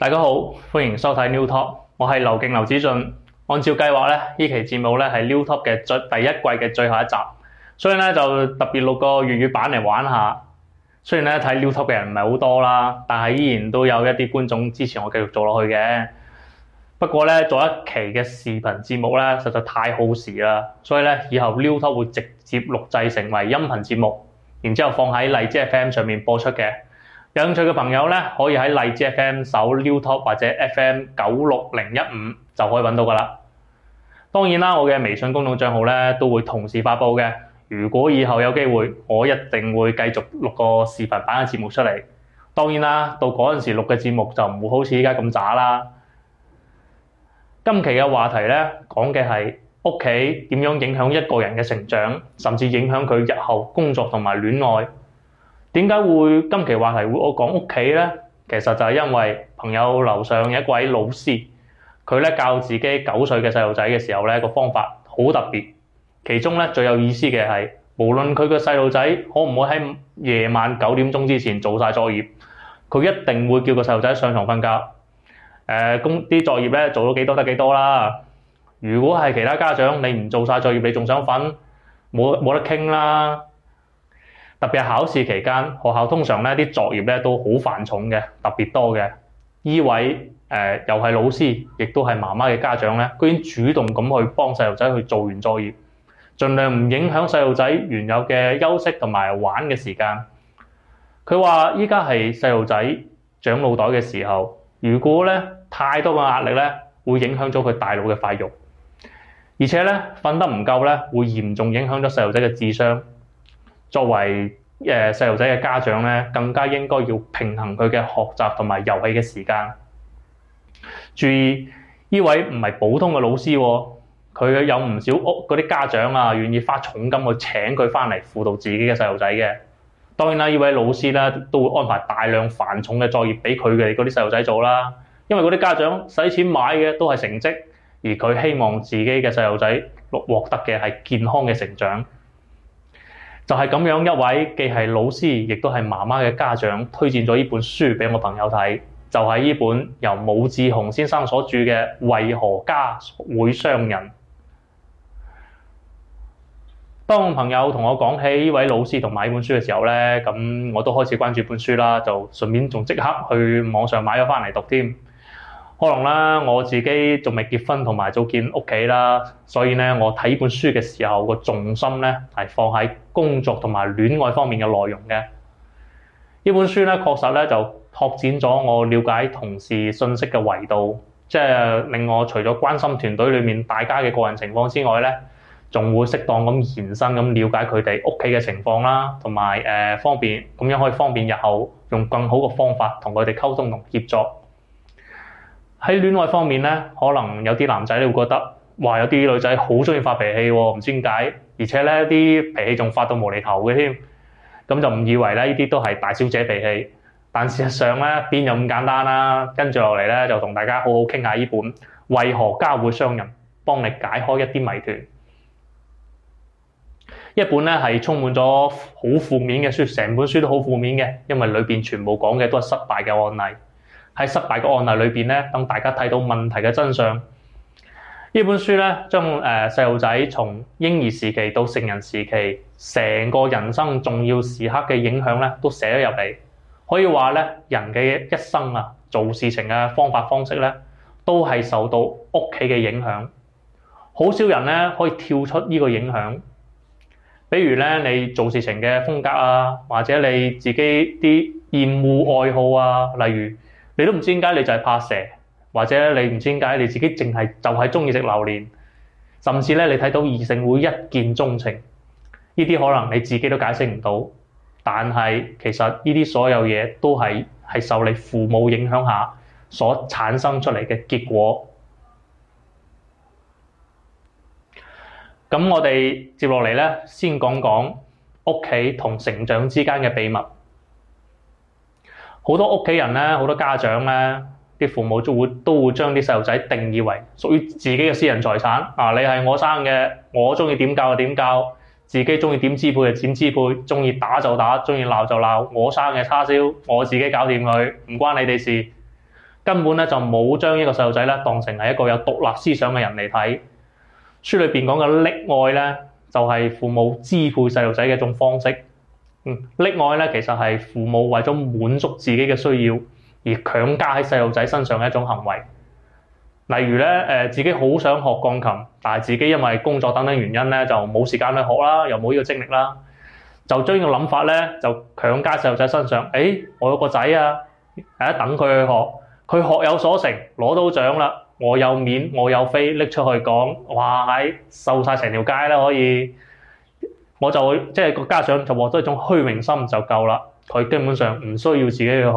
大家好，歡迎收睇 LiuTALK，我係劉敬劉子駿。按照計劃咧，呢期節目咧係 LiuTALK 嘅第一季嘅最後一集，所以咧就特別錄個粵語版嚟玩一下。雖然咧睇 LiuTALK 嘅人唔係好多啦，但係依然都有一啲觀眾支持我繼續做落去嘅。不過咧做一期嘅視頻節目咧實在太耗時啦，所以咧以後 LiuTALK 會直接錄製成為音頻節目，然之後放喺荔枝 FM 上面播出嘅。有興趣嘅朋友咧，可以喺荔枝 FM 搜 LiuTALK 或者 FM 九六零一五就可以揾到噶啦。當然啦，我嘅微信公眾賬號咧都會同時發佈嘅。如果以後有機會，我一定會繼續錄個視頻版嘅節目出嚟。當然啦，到嗰陣時錄嘅節目就唔會好似依家咁渣啦。今期嘅話題咧，講嘅係屋企點樣影響一個人嘅成長，甚至影響佢日後工作同埋戀愛。點解會今期話題會我講屋企呢？其實就係因為朋友樓上有一位老師，佢呢教自己九歲嘅細路仔嘅時候呢個方法好特別。其中呢最有意思嘅係，無論佢個細路仔可唔可喺夜晚九點鐘之前做晒作業，佢一定會叫個細路仔上牀瞓覺。誒、呃，咁啲作業呢做到幾多得幾多啦。如果係其他家長，你唔做晒作業，你仲想瞓？冇冇得傾啦！特別係考試期間，學校通常呢啲作業呢都好繁重嘅，特別多嘅。呢位、呃、又係老師，亦都係媽媽嘅家長呢，居然主動咁去幫細路仔去做完作業，盡量唔影響細路仔原有嘅休息同埋玩嘅時間。佢話而家係細路仔長腦袋嘅時候，如果呢太多嘅壓力呢，會影響咗佢大腦嘅發育，而且呢，瞓得唔夠呢，會嚴重影響咗細路仔嘅智商。作為誒細路仔嘅家長呢，更加應該要平衡佢嘅學習同埋遊戲嘅時間。注意，呢位唔係普通嘅老師喎、哦，佢有唔少屋嗰啲家長啊，願意花重金去請佢返嚟輔導自己嘅細路仔嘅。當然啦，呢位老師呢，都會安排大量繁重嘅作業畀佢嘅嗰啲細路仔做啦。因為嗰啲家長使錢買嘅都係成績，而佢希望自己嘅細路仔獲獲得嘅係健康嘅成長。就係咁樣一位，既係老師，亦都係媽媽嘅家長，推薦咗呢本書畀我朋友睇。就係呢本由武志紅先生所著嘅《為何家會傷人》。當朋友同我講起呢位老師同埋呢本書嘅時候咧，咁我都開始關注本書啦，就順便仲即刻去網上買咗返嚟讀添。可能啦，我自己仲未結婚同埋組建屋企啦，所以咧我睇呢本書嘅時候個重心咧係放喺工作同埋戀愛方面嘅內容嘅。呢本書咧確實咧就拓展咗我了解同事信息嘅維度，即係令我除咗關心團隊裏面大家嘅個人情況之外咧，仲會適當咁延伸咁了解佢哋屋企嘅情況啦，同埋、呃、方便咁樣可以方便日後用更好嘅方法同佢哋溝通同協作。喺戀愛方面呢，可能有啲男仔會覺得話有啲女仔好鍾意發脾氣喎，啊，唔知點解，而且咧啲脾氣仲發到無厘頭嘅添，咁就唔以為咧呢啲都係大小姐脾氣，但事實上咧邊有咁簡單啦，啊？跟住落嚟咧就同大家好好傾下呢本為何家會傷人，幫你解開一啲謎團。一本咧係充滿咗好負面嘅書，成本書都好負面嘅，因為裏面全部講嘅都係失敗嘅案例。喺失敗個案例裏面，咧，等大家睇到問題嘅真相。呢本書呢，將誒細路仔從嬰兒時期到成人時期，成個人生重要時刻嘅影響咧，都寫咗入嚟。可以話呢，人嘅一生啊，做事情嘅方法方式呢，都係受到屋企嘅影響。好少人呢，可以跳出呢個影響。比如咧，你做事情嘅風格啊，或者你自己啲厭惡愛好啊，例如，你都唔知點解，你就係怕蛇，或者你唔知點解，你自己淨係就係中意食榴蓮，甚至呢你睇到異性會一見鍾情，呢啲可能你自己都解釋唔到。但係其實呢啲所有嘢，都係係受你父母影響下所產生出嚟嘅結果。咁我哋接落嚟呢，先講講屋企同成長之間嘅秘密。好多屋企人咧，好多家長咧，啲父母都會都會將啲細路仔定義為屬於自己嘅私人財產。啊，你係我生嘅，我中意點教就點教，自己中意點支配就點支配，中意打就打，中意鬧就鬧。我生嘅叉燒，我自己搞掂佢，唔關你哋事。根本呢，就冇將呢個細路仔呢當成係一個有獨立思想嘅人嚟睇。書裏面講嘅溺愛呢，就係、是、父母支配細路仔嘅一種方式。嗯，溺愛呢，其實係父母為咗滿足自己嘅需要而強加喺細路仔身上嘅一種行為。例如呢，自己好想學鋼琴，但係自己因為工作等等原因呢，就冇時間去學啦，又冇呢個精力啦，就將呢個諗法呢，就強加細路仔身上。誒、哎，我有個仔啊，誒等佢去學，佢學有所成，攞到獎啦，我有面，我有飛，拎出去講，哇喺，瘦晒成條街啦，可以。我就會即係個家長就獲得一種虛榮心就夠啦，佢根本上唔需要自己去學。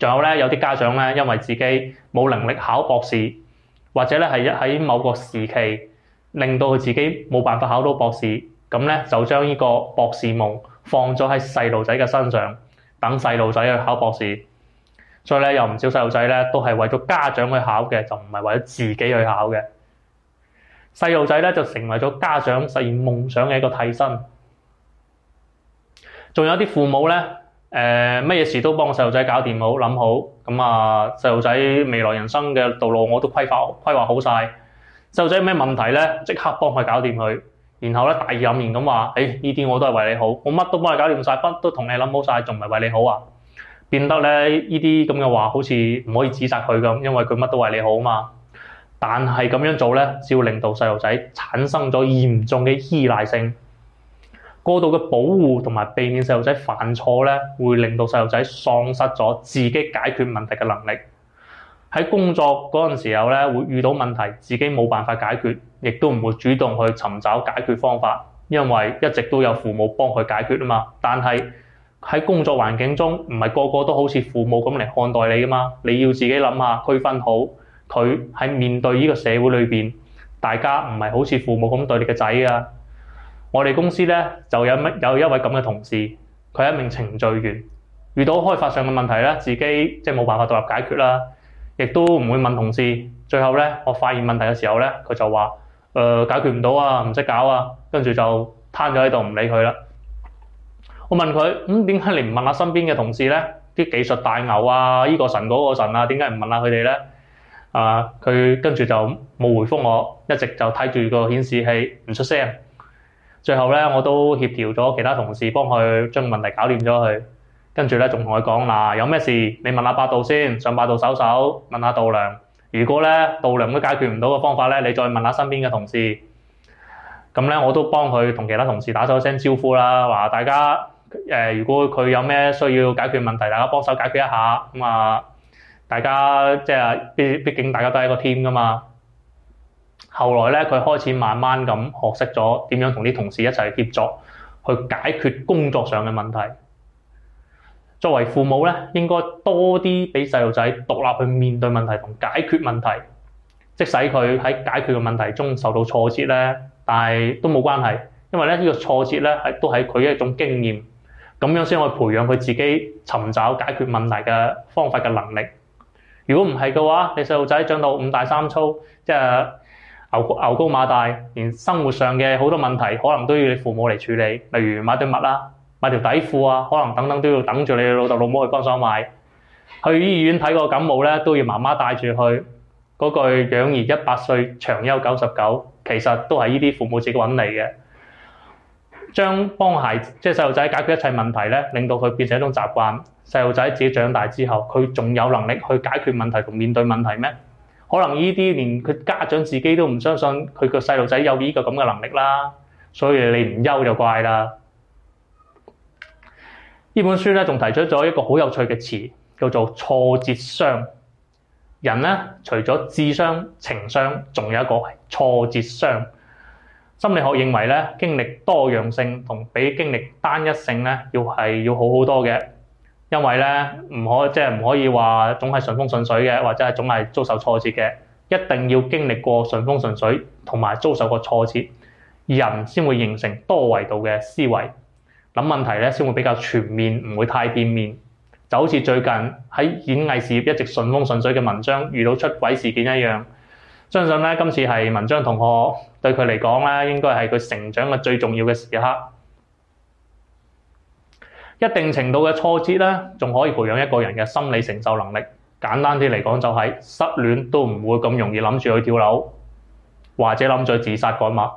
仲有呢，有啲家長呢，因為自己冇能力考博士，或者呢係喺某個時期令到佢自己冇辦法考到博士，噉呢就將呢個博士夢放咗喺細路仔嘅身上，等細路仔去考博士。所以呢，有唔少細路仔呢都係為咗家長去考嘅，就唔係為咗自己去考嘅。細路仔咧就成為咗家長實現夢想嘅一個替身，仲有啲父母咧，誒、呃，乜嘢事都幫細路仔搞掂好，諗好，咁啊，細路仔未來人生嘅道路我都規劃，規劃好晒，細路仔有咩問題呢，即刻幫佢搞掂佢，然後咧大義凜然咁話，誒、哎，呢啲我都係為你好，我乜都幫你搞掂晒，乜都同你諗好晒，仲唔係為你好啊？變得咧呢啲咁嘅話，好似唔可以指責佢咁，因為佢乜都為你好嘛。但係咁樣做呢，只會令到細路仔產生咗嚴重嘅依賴性，過度嘅保護同埋避免細路仔犯錯呢，會令到細路仔喪失咗自己解決問題嘅能力。喺工作嗰陣時候呢，會遇到問題，自己冇辦法解決，亦都唔會主動去尋找解決方法，因為一直都有父母幫佢解決吖嘛。但係喺工作環境中，唔係個個都好似父母咁嚟看待你㗎嘛，你要自己諗下區分好。佢喺面對呢個社會裏面，大家唔係好似父母咁對你嘅仔啊。我哋公司呢，就有一位咁嘅同事，佢係一名程序員，遇到開發上嘅問題呢，自己即係冇辦法獨立解決啦，亦都唔會問同事。最後呢，我發現問題嘅時候呢，佢就話：誒、呃、解決唔到啊，唔識搞啊，跟住就攤咗喺度唔理佢啦。我問佢：嗯、點解你唔問下、啊、身邊嘅同事呢？啲技術大牛啊，呢個神嗰個神啊，點解唔問下佢哋咧？啊！佢跟住就冇回覆我，一直就睇住個顯示器，唔出聲。最後呢，我都協調咗其他同事幫佢將問題搞掂咗佢。跟住呢，仲同佢講嗱，有咩事你問下百度先，上百度搜搜問下度娘。如果呢度娘都解決唔到嘅方法呢，你再問下身邊嘅同事。咁咧，我都幫佢同其他同事打咗聲招呼啦，話大家、呃、如果佢有咩需要解決問題，大家幫手解決一下咁、嗯、啊。大家即係畢竟大家都係個 team 㗎嘛。後來呢，佢開始慢慢咁學識咗點樣同啲同事一齊協作，去解決工作上嘅問題。作為父母呢，應該多啲俾細路仔獨立去面對問題同解決問題。即使佢喺解決嘅問題中受到挫折呢，但係都冇關係，因為呢呢、這個挫折呢係都係佢一種經驗。咁樣先可以培養佢自己尋找解決問題嘅方法嘅能力。如果唔係嘅話，你細路仔長到五大三粗，即係牛牛高馬大，連生活上嘅好多問題，可能都要你父母嚟處理。例如買對襪啦，買條底褲啊，可能等等都要等住你老豆老母去幫手買。去醫院睇個感冒咧，都要媽媽帶住去。嗰句養兒一百歲，長憂九十九，其實都係呢啲父母自己揾嚟嘅。將幫、就是、孩即係細路仔解決一切問題咧，令到佢變成一種習慣。細路仔自己長大之後，佢仲有能力去解決問題同面對問題咩？可能依啲連佢家長自己都唔相信佢個細路仔有依個咁嘅能力啦。所以你唔憂就怪啦。呢本書呢，仲提出咗一個好有趣嘅詞，叫做挫折商。人呢，除咗智商、情商，仲有一個是挫折商。心理學認為咧，經歷多樣性同比經歷單一性咧，要係要好好多嘅，因為咧唔可，即係唔可以話總係順風順水嘅，或者係總係遭受挫折嘅，一定要經歷過順風順水同埋遭受過挫折，人先會形成多維度嘅思維，諗問題咧先會比較全面，唔會太片面，就好似最近喺演藝事業一直順風順水嘅文章遇到出軌事件一樣。相信呢，今次係文章同學對佢嚟講呢，應該係佢成長嘅最重要嘅時刻。一定程度嘅挫折呢，仲可以培養一個人嘅心理承受能力。簡單啲嚟講，就係失戀都唔會咁容易諗住去跳樓，或者諗住去自殺嗰一物。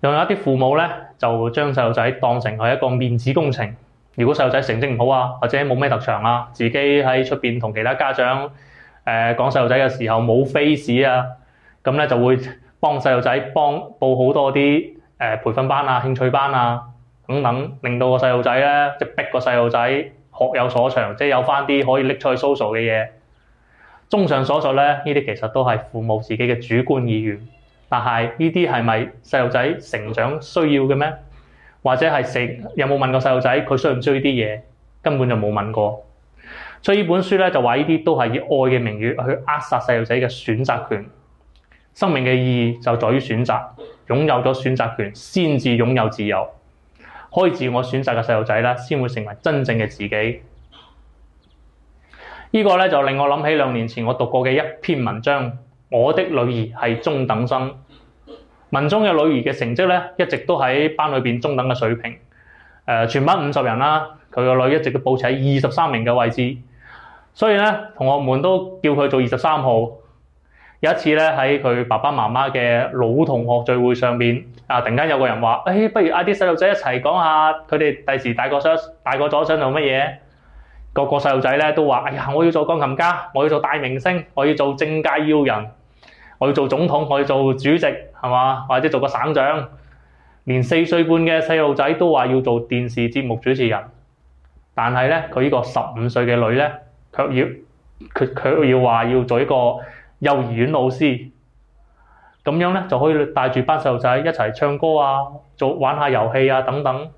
仲有一啲父母呢，就將細路仔當成係一個面子工程。如果細路仔成績唔好啊，或者冇咩特長啊，自己喺出面同其他家長。誒、呃、講細路仔嘅時候冇 face 啊，咁咧就會幫細路仔幫報好多啲、呃、培訓班啊、興趣班啊等等，令到個細路仔咧即逼個細路仔學有所長，即有返啲可以拎出去 social 嘅嘢。綜上所述呢，依啲其實都係父母自己嘅主觀意願，但係依啲係咪細路仔成長需要嘅咩？或者係成有冇問過細路仔佢需唔需要啲嘢？根本就冇問過。所以呢本書咧就話呢啲都係以愛嘅名義去扼殺細路仔嘅選擇權。生命嘅意義就在於選擇，擁有咗選擇權先至擁有自由，可以自我選擇嘅細路仔咧，先會成為真正嘅自己。呢、這個咧就令我諗起兩年前我讀過嘅一篇文章。我的女兒係中等生，文中嘅女兒嘅成績咧一直都喺班裏面中等嘅水平。呃、全班五十人啦，佢個女兒一直都保持喺二十三名嘅位置。所以呢，同學們都叫佢做二十三號。有一次呢，喺佢爸爸媽媽嘅老同學聚會上面，啊、突然間有個人話：哎，不如嗌啲細路仔一齊講一下佢哋第時大個想大個咗想做乜嘢？個個細路仔呢都話：哎呀，我要做鋼琴家，我要做大明星，我要做政界要人，我要做總統，我要做主席，係嘛？或者做個省長。連四歲半嘅細路仔都話要做電視節目主持人。但係呢，佢呢個十五歲嘅女咧，卻要佢要話要做一個幼兒園老師，咁樣呢就可以帶住班細路仔一齊唱歌啊，做玩下遊戲啊等等。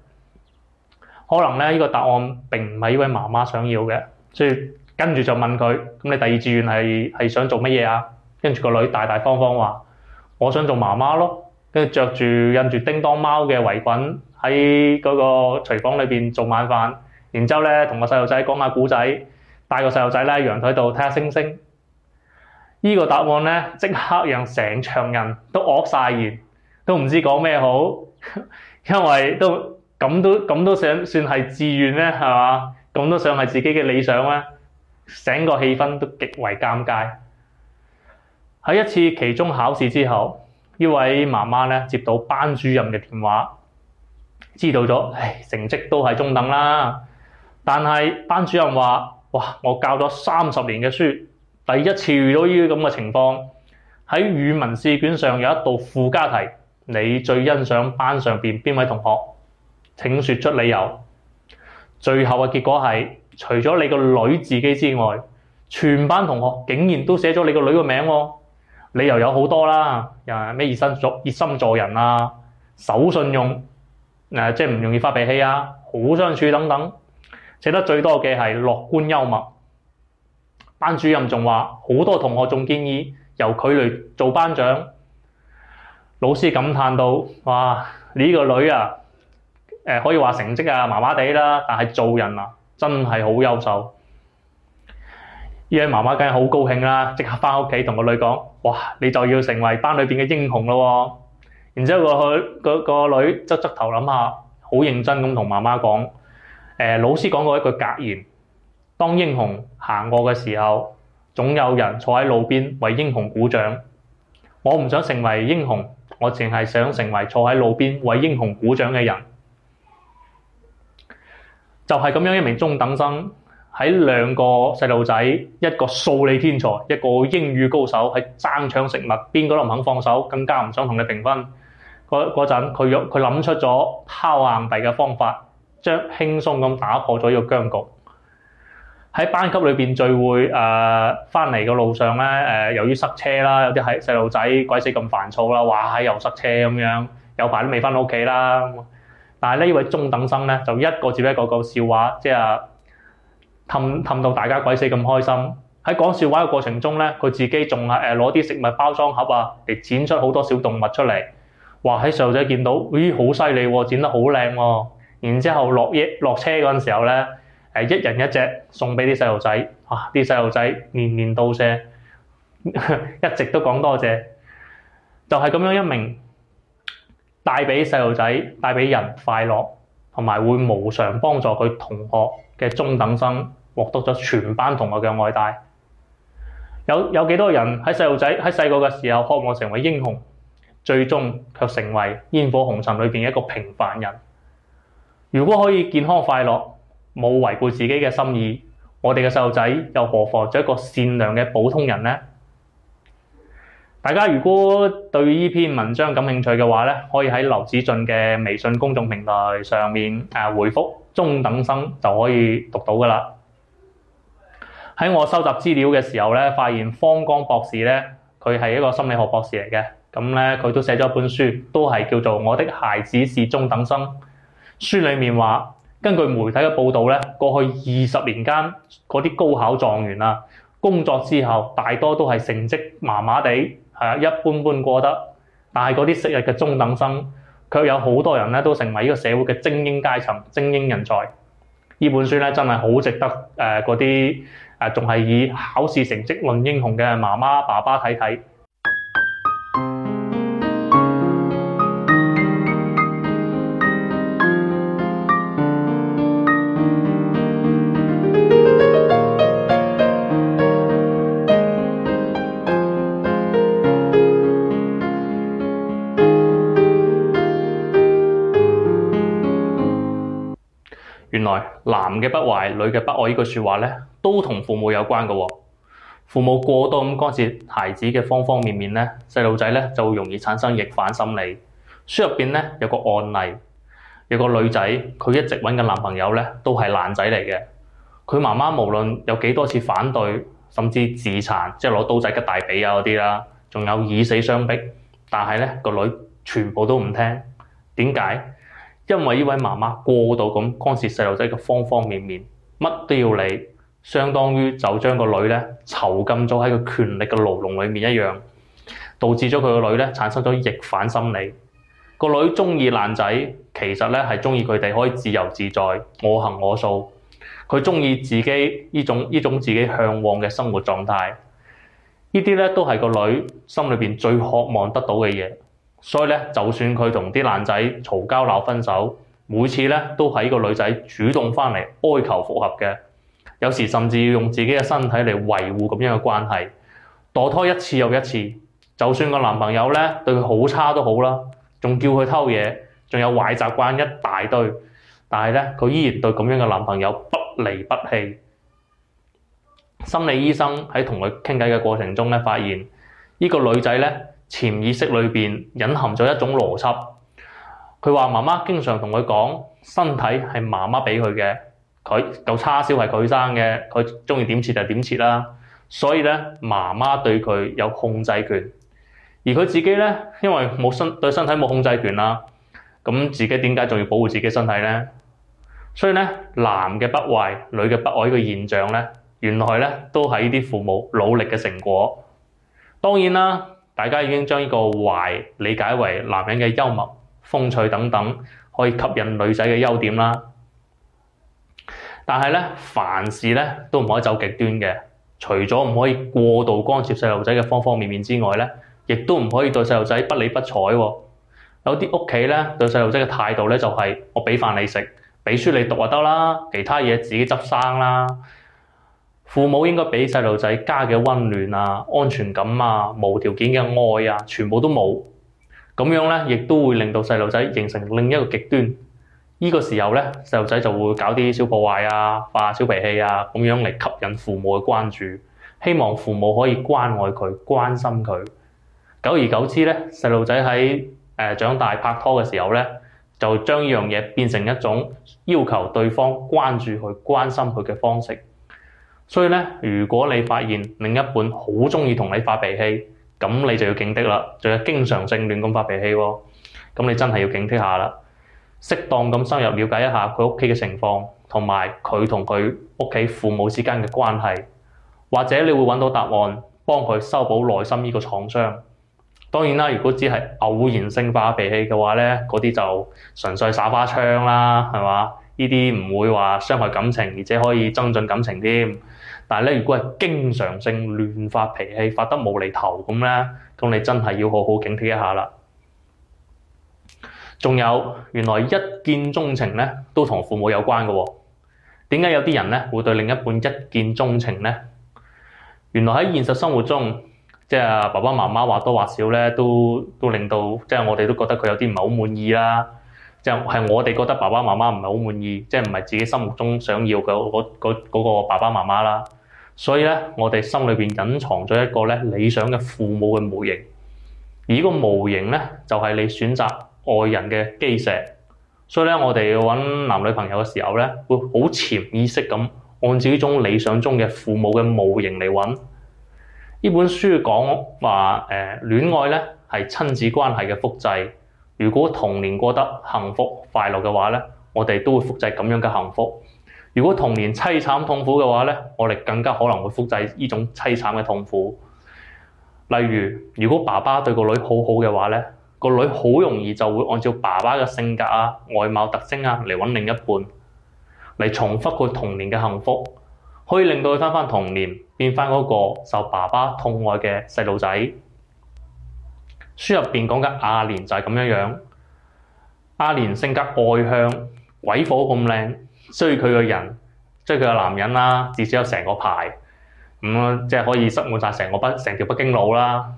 可能呢，呢、呢個答案並唔係呢位媽媽想要嘅，所以跟住就問佢：咁你第二志願係想做乜嘢啊？跟住個女大大方方話：我想做媽媽咯，跟住着住印住叮當貓嘅圍裙喺嗰個廚房裏邊做晚飯，然之後咧同個細路仔講下古仔。帶個細路仔喺陽台度睇星星，呢、這個答案呢，即刻讓成場人都愕晒，完都唔知講咩好，因為都咁都想算係自願咩係嘛？咁都想係自己嘅理想咩？整個氣氛都極為尷尬。喺一次期中考試之後，這位媽媽呢位媽媽咧接到班主任嘅電話，知道咗，唉，成績都係中等啦。但係班主任話：哇！我教咗三十年嘅書，第一次遇到呢啲噉嘅情況。喺語文試卷上有一道附加題，你最欣賞班上面邊位同學？請説出理由。最後嘅結果係，除咗你個女自己之外，全班同學竟然都寫咗你個女嘅名喎。理由有好多啦，誒咩熱心助熱心助人啊，守信用，嗱即係唔容易發脾氣啊，好相處等等。寫得最多嘅係樂觀幽默。班主任仲話好多同學仲建議由佢嚟做班長。老師感嘆到：哇！呢個女啊，可以話成績啊麻麻地啦，但係做人啊真係好優秀。呢位媽媽梗係好高興啦，即刻返屋企同個女講：哇！你就要成為班裏邊嘅英雄咯。然之後，個個女側側頭諗下，好認真咁同媽媽講。誒老師講過一句格言：當英雄行過嘅時候，總有人坐喺路邊為英雄鼓掌。我唔想成為英雄，我淨係想成為坐喺路邊為英雄鼓掌嘅人。就係咁樣一名中等生喺兩個細路仔，一個數理天才，一個英語高手，喺爭搶食物，邊個都唔肯放手，更加唔想同佢平分。嗰嗰陣佢佢諗出咗拋硬幣嘅方法。將輕鬆咁打破咗呢個僵局，喺班級裏邊聚會，誒翻嚟嘅路上咧，誒、呃、由於塞車啦，有啲係細路仔鬼死咁煩躁啦，哇！又塞車咁樣，有排都未翻屋企啦。但係呢位中等生咧就一個接一個講笑話，即係氹氹到大家鬼死咁開心。喺講笑話嘅過程中咧，佢自己仲係誒攞啲食物包裝盒啊，嚟剪出好多小動物出嚟，話喺細路仔見到，咦、哎，好犀利喎，剪得好靚喎。然之後落嘢落車嗰時候咧，一人一隻送俾啲細路仔啊！啲細路仔連連道謝， 一直都講多謝，就係、是、咁樣一名帶俾細路仔帶俾人快樂，同埋會無償幫助佢同學嘅中等生，獲得咗全班同學嘅愛戴。有有幾多人喺細路仔喺細個嘅時候渴望成為英雄，最終卻成為煙火紅塵裏面一個平凡人。如果可以健康快樂，冇違背自己嘅心意，我哋嘅細路仔又何妨做一個善良嘅普通人呢？大家如果對呢篇文章感興趣嘅話呢，可以喺劉子駿嘅微信公眾平台上面誒、呃、回覆中等生就可以讀到㗎喇。喺我收集資料嘅時候呢，發現方剛博士呢，佢係一個心理學博士嚟嘅，咁咧佢都寫咗一本書，都係叫做我的孩子是中等生。書裡面話，根據媒體嘅報道呢，過去二十年間嗰啲高考狀元啊，工作之後大多都係成績麻麻地，係一般般過得。但係嗰啲昔日嘅中等生，卻有好多人呢都成為呢個社會嘅精英階層、精英人才。呢本書呢，真係好值得誒嗰啲誒仲係以考試成績論英雄嘅媽媽爸爸睇睇。「男嘅不壞，女嘅不愛」這句呢句說話咧，都同父母有關㗎喎。父母過多咁干涉孩子嘅方方面面呢，細路仔咧就容易產生逆反心理。書入面咧有個案例，有個女仔，佢一直揾嘅男朋友咧都係爛仔嚟嘅。佢媽媽無論有幾多少次反對，甚至自殘，即係攞刀仔割大髀啊嗰啲啦，仲有以死相逼。但係咧個女全部都唔聽，點解？因為依位媽媽過度咁干涉細路仔嘅方方面面，乜都要理，相當於就將個女咧囚禁咗喺個權力嘅牢籠裏面一樣，導致咗佢個女咧產生咗逆反心理。個女中意爛仔，其實咧係中意佢哋可以自由自在、我行我素。佢中意自己依種依種自己向往嘅生活狀態，依啲咧都係個女心裏面最渴望得到嘅嘢。所以咧，就算佢同啲男仔嘈交鬧分手，每次咧都係呢個女仔主動返嚟哀求復合嘅，有時甚至要用自己嘅身體嚟維護咁樣嘅關係，墮胎一次又一次。就算個男朋友咧對佢好差都好啦，仲叫佢偷嘢，仲有壞習慣一大堆，但係咧佢依然對咁樣嘅男朋友不離不棄。心理醫生喺同佢傾偈嘅過程中咧，發現呢個女仔咧。潛意識裏邊隱含咗一種邏輯，佢話媽媽經常同佢講，身體係媽媽俾佢嘅，佢、嗰個叉燒係佢生嘅，佢鍾意點切就點切啦。所以呢，媽媽對佢有控制權，而佢自己呢，因為冇身對身體冇控制權啦，咁自己點解仲要保護自己身體呢？所以呢，男嘅不壞，女嘅不愛呢個現象呢，原來呢，都係啲父母努力嘅成果。當然啦。大家已經將呢個壞理解為男人嘅幽默、風趣等等，可以吸引女仔嘅優點啦。但係咧，凡事咧都唔可以走極端嘅，除咗唔可以過度干涉細路仔嘅方方面面之外呢，亦都唔可以對細路仔不理不睬喎、啊。有啲屋企咧對細路仔嘅態度咧就係、是、我俾飯你食，俾書你讀就得啦，其他嘢自己執生啦。父母應該俾細路仔家嘅溫暖啊、安全感啊、無條件嘅愛啊，全部都冇。咁樣咧，亦都會令到細路仔形成另一個極端。呢個時候呢，細路仔就會搞啲小破壞啊、發小脾氣啊，咁樣嚟吸引父母嘅關注，希望父母可以關愛佢、關心佢。久而久之呢，細路仔喺呃長大拍拖嘅時候呢，就將一樣嘢變成一種要求對方關注佢、關心佢嘅方式。所以呢，如果你發現另一半好鍾意同你發脾氣，咁你就要警惕啦。仲有經常性亂咁發脾氣喎、哦，咁你真係要警惕下啦。適當咁深入了解一下佢屋企嘅情況，同埋佢同佢屋企父母之間嘅關係，或者你會揾到答案，幫佢修補內心呢個創傷。當然啦，如果只係偶然性發脾氣嘅話呢，嗰啲就純粹耍花槍啦，係嘛？呢啲唔會話傷害感情，而且可以增進感情添。但係咧，如果係經常性亂發脾氣、發得無厘頭咁咧，咁你真係要好好警惕一下啦。仲有，原來一見鐘情咧，都同父母有關嘅喎。點解有啲人咧會對另一半一見鐘情咧？原來喺現實生活中，即係爸爸媽媽或多或少咧，都都令到即係我哋都覺得佢有啲唔係好滿意啦。即係係我哋覺得爸爸媽媽唔係好滿意，即係唔係自己心目中想要嘅嗰嗰個爸爸媽媽啦。所以呢，我哋心裏邊隱藏咗一個呢理想嘅父母嘅模型，而呢個模型呢，就係你選擇愛人嘅基石。所以呢，我哋要搵男女朋友嘅時候呢，會好潛意識噉按住呢種理想中嘅父母嘅模型嚟搵。呢本書講話誒、呃，戀愛呢係親子關係嘅複製。如果童年過得幸福快樂嘅話呢，我哋都會複製噉樣嘅幸福。如果童年凄慘痛苦嘅話呢，我哋更加可能會複製依種凄慘嘅痛苦。例如，如果爸爸對個女好好嘅話呢，個女好容易就會按照爸爸嘅性格啊、外貌特徵啊嚟揾另一半，嚟重複佢童年嘅幸福，可以令到佢翻翻童年，變翻嗰個受爸爸疼愛嘅細路仔。書入面講嘅阿蓮就係咁樣樣，阿蓮性格外向，鬼火咁靚。追佢嘅人，追佢嘅男人啦，至少有成個排，嗯，即係可以塞滿曬成個北成條北京路啦。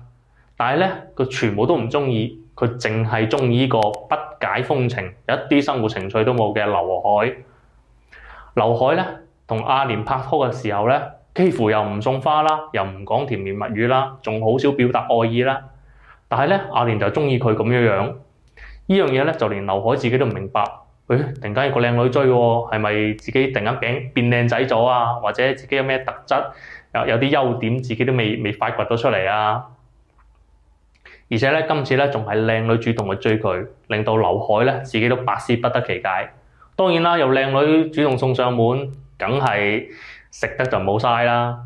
但係咧，佢全部都唔中意，佢淨係中意依個不解風情、一啲生活情趣都冇嘅劉海。劉海咧，同阿蓮拍拖嘅時候咧，幾乎又唔送花啦，又唔講甜言蜜，蜜語啦，仲好少表達愛意啦。但係咧，阿蓮就中意佢咁樣樣。依樣嘢咧，就連劉海自己都唔明白。誒、哎，突然間有個靚女追喎、啊，係咪自己突然間變變靚仔咗啊？或者自己有咩特質，有有啲優點，自己都未未發掘到出嚟啊？而且呢，今次呢仲係靚女主動去追佢，令到劉海呢自己都百思不得其解。當然啦，有靚女主動送上門，梗係食得就冇曬啦。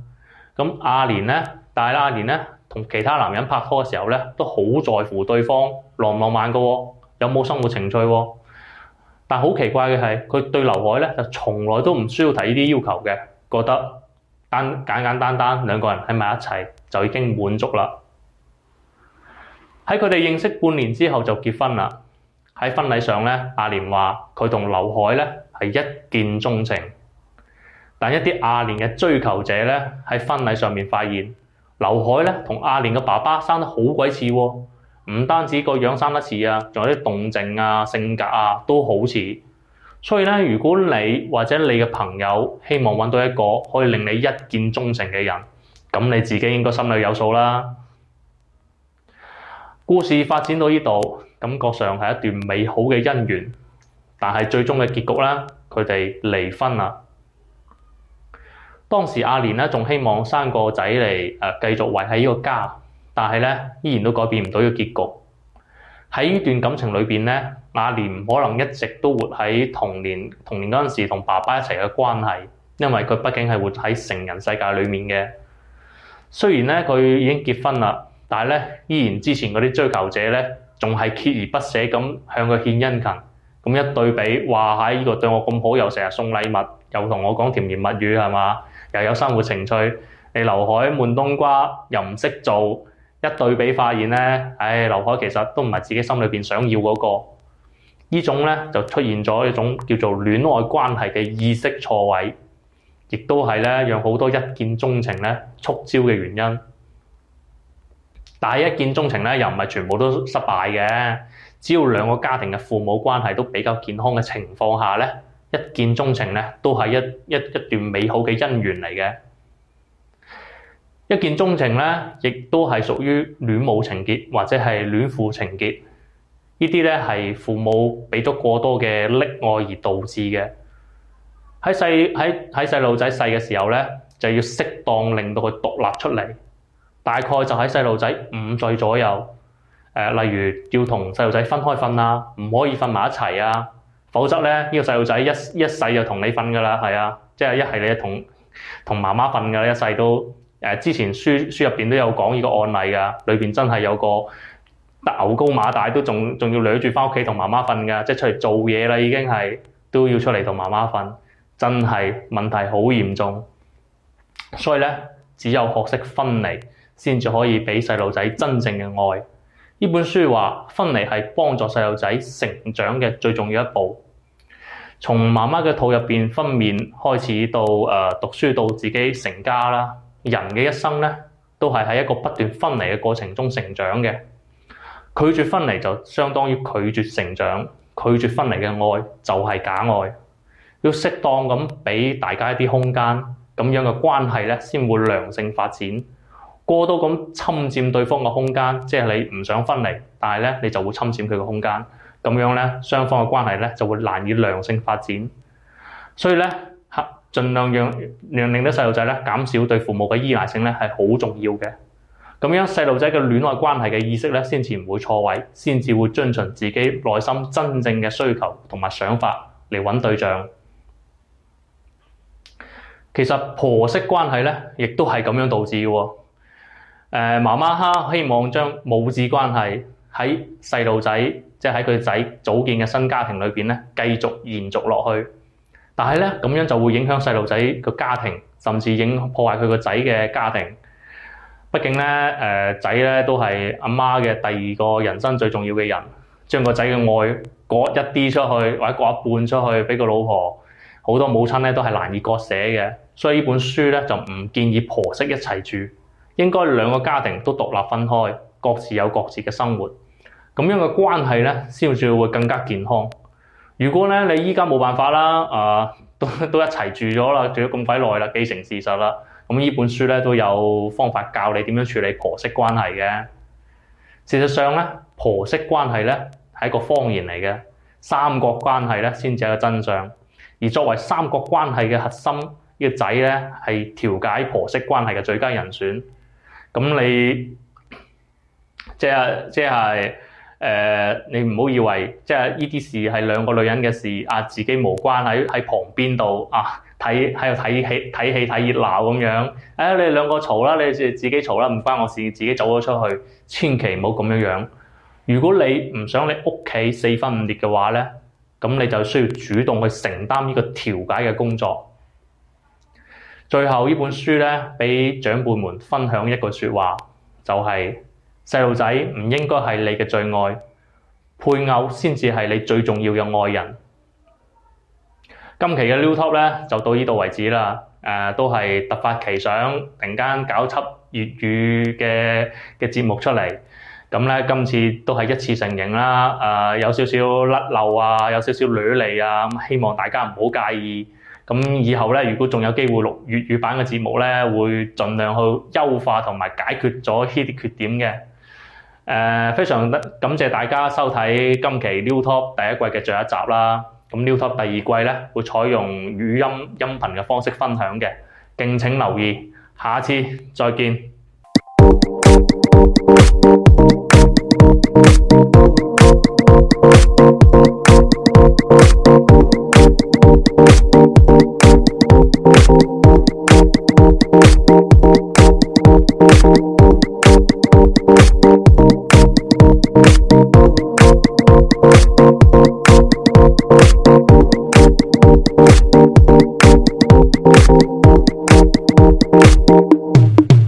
咁、啊、阿蓮呢？但係咧，阿蓮呢？同其他男人拍拖嘅時候呢，都好在乎對方浪唔浪漫㗎、啊，有冇生活情趣喎、啊？但好奇怪嘅係，佢對劉海呢就從來都唔需要提呢啲要求嘅，覺得單簡簡單單兩個人喺埋一齊就已經滿足啦。喺佢哋認識半年之後就結婚啦。喺婚禮上呢，阿蓮話佢同劉海呢係一見鍾情，但一啲阿蓮嘅追求者呢，喺婚禮上面發現，劉海呢同阿蓮嘅爸爸生得好鬼似喎。唔單止個樣生得似啊，仲有啲動靜啊、性格啊都好似。所以呢，如果你或者你嘅朋友希望揾到一個可以令你一見鐘情嘅人，咁你自己應該心裏有數啦。故事發展到呢度，感覺上係一段美好嘅姻緣，但係最終嘅結局呢，佢哋離婚啦。當時阿蓮呢，仲希望生個仔嚟誒，呃，繼續維係呢個家。但係呢，依然都改變唔到依個結局。喺依段感情裏面呢，阿蓮唔可能一直都活喺童年、童年嗰陣時同爸爸一齊嘅關係，因為佢畢竟係活喺成人世界裡面嘅。雖然咧佢已經結婚啦，但係呢，依然之前嗰啲追求者呢，仲係鍥而不捨咁向佢獻殷勤。咁一對比，話喺依個對我咁好，又成日送禮物，又同我講甜言蜜語係嘛，又有生活情趣。你劉海悶冬瓜又唔識做。一對比發現咧，唉、哎，劉海其實都唔係自己心裏邊想要嗰、那個，依種咧就出現咗一種叫做戀愛關係嘅意識錯位，亦都係咧讓好多一見鍾情咧觸礁嘅原因。但係一見鍾情咧又唔係全部都失敗嘅，只要兩個家庭嘅父母關係都比較健康嘅情況下咧，一見鍾情咧都係一一一段美好嘅姻緣嚟嘅。一見鐘情呢，亦都係屬於戀母情結或者係戀父情結，呢啲呢，係父母俾咗過多嘅溺愛而導致嘅。喺細喺喺細路仔細嘅時候呢，就要適當令到佢獨立出嚟。大概就喺細路仔五歲左右，呃，例如要同細路仔分開瞓啊，唔可以瞓埋一齊啊，否則呢，呢個細路仔一一世就同你瞓㗎喇，係啊，即係一係你同同媽媽瞓㗎，一世都。之前書書入面都有講呢個案例㗎，裏面真係有個牛高馬大都仲要趕住返屋企同媽媽瞓㗎，即係出嚟做嘢啦，已經係都要出嚟同媽媽瞓，真係問題好嚴重。所以呢，只有學識分離，先至可以俾細路仔真正嘅愛。呢本書話分離係幫助細路仔成長嘅最重要一步，從媽媽嘅肚入面分娩開始到，到、呃、誒讀書，到自己成家啦。人嘅一生呢，都係喺一個不斷分離嘅過程中成長嘅。拒絕分離就相當於拒絕成長，拒絕分離嘅愛就係假愛。要適當咁俾大家一啲空間，咁樣嘅關係呢，先會良性發展。過多咁侵佔對方嘅空間，即係你唔想分離，但係呢，你就會侵佔佢嘅空間，咁樣呢，雙方嘅關係呢，就會難以良性發展。所以呢。儘量讓讓令到細路仔咧減少對父母嘅依賴性咧係好重要嘅，咁樣細路仔嘅戀愛關係嘅意識咧先至唔會錯位，先至會遵循自己內心真正嘅需求同埋想法嚟揾對象。其實婆媳關係咧，亦都係咁樣導致嘅喎。誒、呃，媽媽哈希望將母子關係喺細路仔，即係喺佢仔組建嘅新家庭裏面，咧繼續延續落去。但係咧，咁樣就會影響細路仔個家庭，甚至影破壞佢個仔嘅家庭。畢竟呢，誒仔咧都係阿媽嘅第二個人生最重要嘅人，將個仔嘅愛割一啲出去，或者割一半出去俾個老婆，好多母親咧都係難以割捨嘅。所以呢本書咧就唔建議婆媳一齊住，應該兩個家庭都獨立分開，各自有各自嘅生活，咁樣嘅關係咧先至會更加健康。如果咧你而家冇辦法啦，啊都都一齊住咗啦，住咗咁鬼耐啦，既成事實啦。咁呢本書咧都有方法教你點樣處理婆媳關係嘅。事實上咧，婆媳關係咧係一個謊言嚟嘅，三角關係咧先至係真相。而作為三角關係嘅核心、這個、呢個仔咧，係調解婆媳關係嘅最佳人選。咁你即係即係，就是就是誒、呃，你唔好以為即係呢啲事係兩個女人嘅事，啊自己無關喺喺旁邊度啊，睇喺度睇戲睇戲睇熱鬧咁樣，誒你兩個嘈啦，你，你自己嘈啦，唔關我事，自己走咗出去，千祈唔好咁樣樣。如果你唔想你屋企四分五裂嘅話咧，咁你就需要主動去承擔呢個調解嘅工作。最後呢本書咧，俾長輩們分享一句説話，就係、是。細路仔唔應該係你嘅最愛，配偶先至係你最重要嘅愛人。今期嘅 LiuTALK 咧就到呢度為止啦。誒，都係突發奇想，突然間搞輯粵語嘅嘅節目出嚟。咁咧，今次都係一次成型啦。誒，有少少甩漏啊，有少少攣嚟啊。咁希望大家唔好介意。咁以後咧，如果仲有機會錄粵語版嘅節目咧，會盡量去優化同埋解決咗呢啲缺點嘅。誒，uh, 非常感謝大家收睇今期 LiuTALK 第一季嘅最後一集啦。咁 LiuTALK 第二季咧，會採用語音音頻嘅方式分享嘅，敬請留意。下次再見。